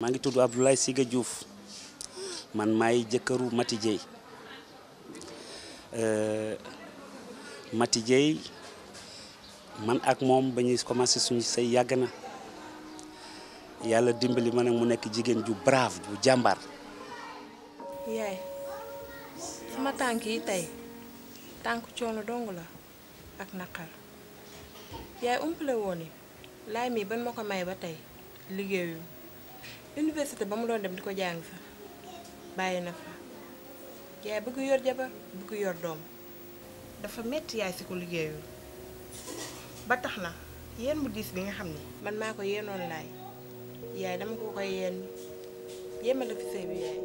maa ngi tudd Abdoulaye Siga Diouf man may jëkkëru Mati euh Mati man ak mom bañu commencé suñu ya yagna yalla mana dimbali man ak mu nek jigen ju brave ju jambar yaay sama tanki tay tanku choono coono dong la ak nakal yaay umple woni lay mi ban mako may ba tay université ba mu doon dem di ko jàng fa bàyyi na fa yaay bëgg yor jabar bëgg yor doom dafa metti yaay si ko liggéeyul ba tax na yéen mu diis bi nga xam ne man maa ko yéenoon laay yaay dama ko koy yéen yéemal ak sëy bi yaay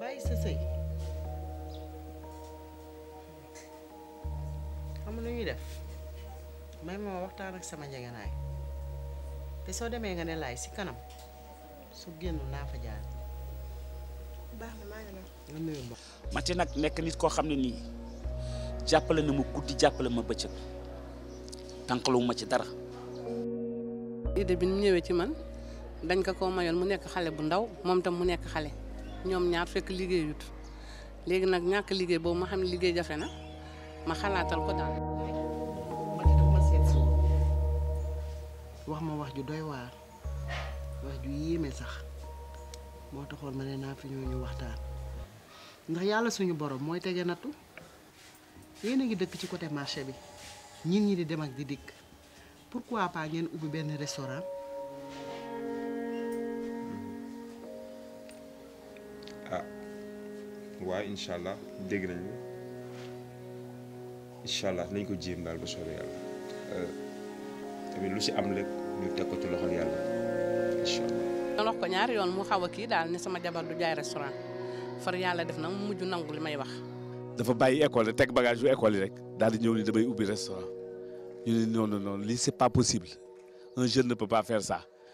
bàyyi sa sëy xam ñuy def may ma waxtaan ak sama njëgënaay te soo demee nga ne laay si kanam su génn naa fa jaar. baax na maa nag nekk nit koo xam ne nii jàppale na ma guddi jàppale ma bëccëg tànqaluwuma ci dara. idée bi mu ñëwee ci man dañ ko koo mayoon mu nekk xale bu ndaw moom tam mu nekk xale ñoom ñaar fekk liggéeyut léegi nag ñàkk liggéey boobu ma xam liggéey jafe na ma xalaatal ko daal. wax ma wax ju doy waar wax ju yéeme sax moo taxoon ma ne naa fi ñoo ñu waxtaan ndax yàlla ya suñu borom mooy tege nattu yéen a ngi dëkk ci côté marché bi ñin ñi di dem ak di dikk pourquoi pas ngeen ubbi benn restaurant ah wah incha allah dégg nañu incha allah nañ ko jéem daal ba soobee eh, yàlla tamit lu si am lépp ñu teg ko ci loxol yàlla incha allah. wax ko ñaar yoon mu xaw a kii daal ne sama jabar du jaay restaurant far yàlla def na mu mujj nangu li may wax. dafa bàyyi école teg bagage yu école yi rek daal di ñëw li damay ubbi restaurant ñu ne non non non lii c'est pas possible un jeune ne peut pas faire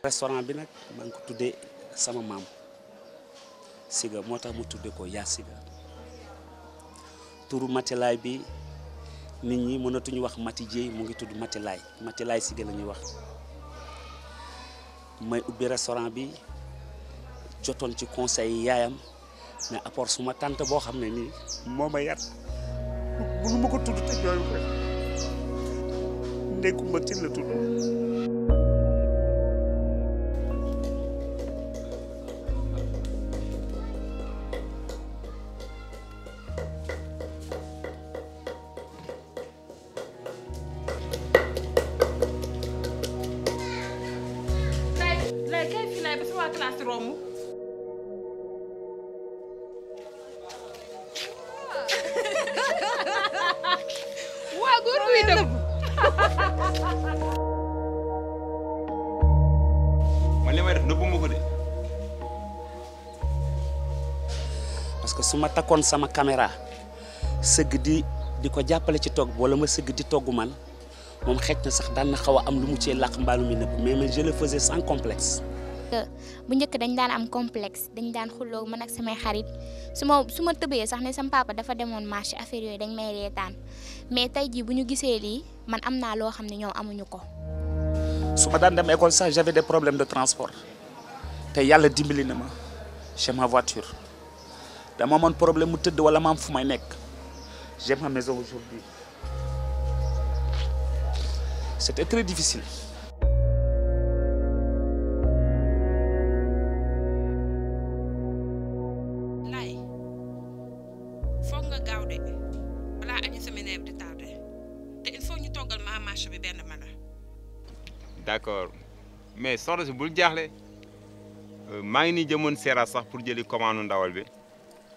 restaurant bi nag maa ngi ko tuddee sama maam Siga moo tax mu tuddee ko Yaa Siga turu matelaay bi. nit ñi mënatuñu wax Mati Dieye mu ngi tudd Mati Laay Mati Laay Siga la ñuy wax may ubbi restaurant bi jotoon ci conseil yaayam mais apport suma tànt boo xam ne nii moo ma yar mënu ma ko tudd te jooyu ko ndey Kumba Tine la tudd waa classe guy dëbb. parce que su ma takkoon sama caméra sëgg di di ko jàppale ci togg wala ma sëgg di togg man moom xeej na sax daan na xaw am lu mu ci làq mbaalu mi nëbb mais man je le faisais sans complexe. que bu njëkk dañ daan am complexe dañ daan xulloo man ak samay xarit suma suma su sax ne sama papa dafa demoon marché affaire yooyu dañ may reetaan mais tey jii bu ñu gisee lii man am naa loo xam ne ñoom amuñu ko. suma daan dem école sax j'avais des problèmes de transport te yàlla dimbali na ma chez ma voiture dama amoon problème mu tëdd wala ma am fu may nekk j'ai ma maison aujourd'hui c'était très difficile. toggal ma marché d'accord mais soxna si bul jaaxle euh, maa ngi nii jëmoon seera sax pour jëli commande ndawal bi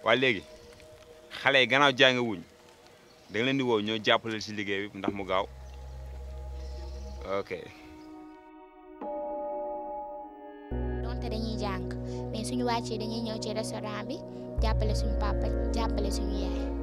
waa léegi xale yi gannaaw jàng wuñ da leen di woo ñoo jàppale ci liggéey bi ndax mu gaaw ok. donte dañuy jàng mais suñu wàccee dañuy ñëw ci restaurant bi jàppale suñu papa jàppale suñu yaay.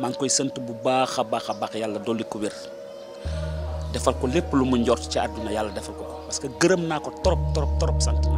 maa ngi koy sant bu baax a baax a baax yàlla dolli ko wér defal ko lépp lu mu njort ci àdduna yàlla defal ko ko parce que gërëm naa ko trop trop trop sant